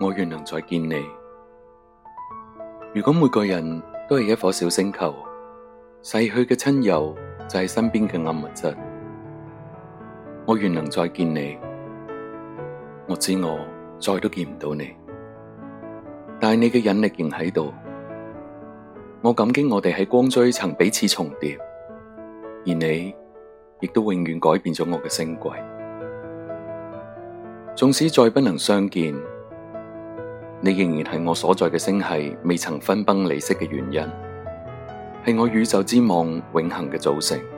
我願能再見你。如果每個人都係一顆小星球，逝去嘅親友就係身邊嘅暗物質。我願能再見你。我知我再都見唔到你，但係你嘅引力仍喺度。我感激我哋喺光錐曾彼此重疊，而你亦都永遠改變咗我嘅星軌。縱使再不能相見，你仍然係我所在嘅星系，未曾分崩離析嘅原因，係我宇宙之夢永恒嘅組成。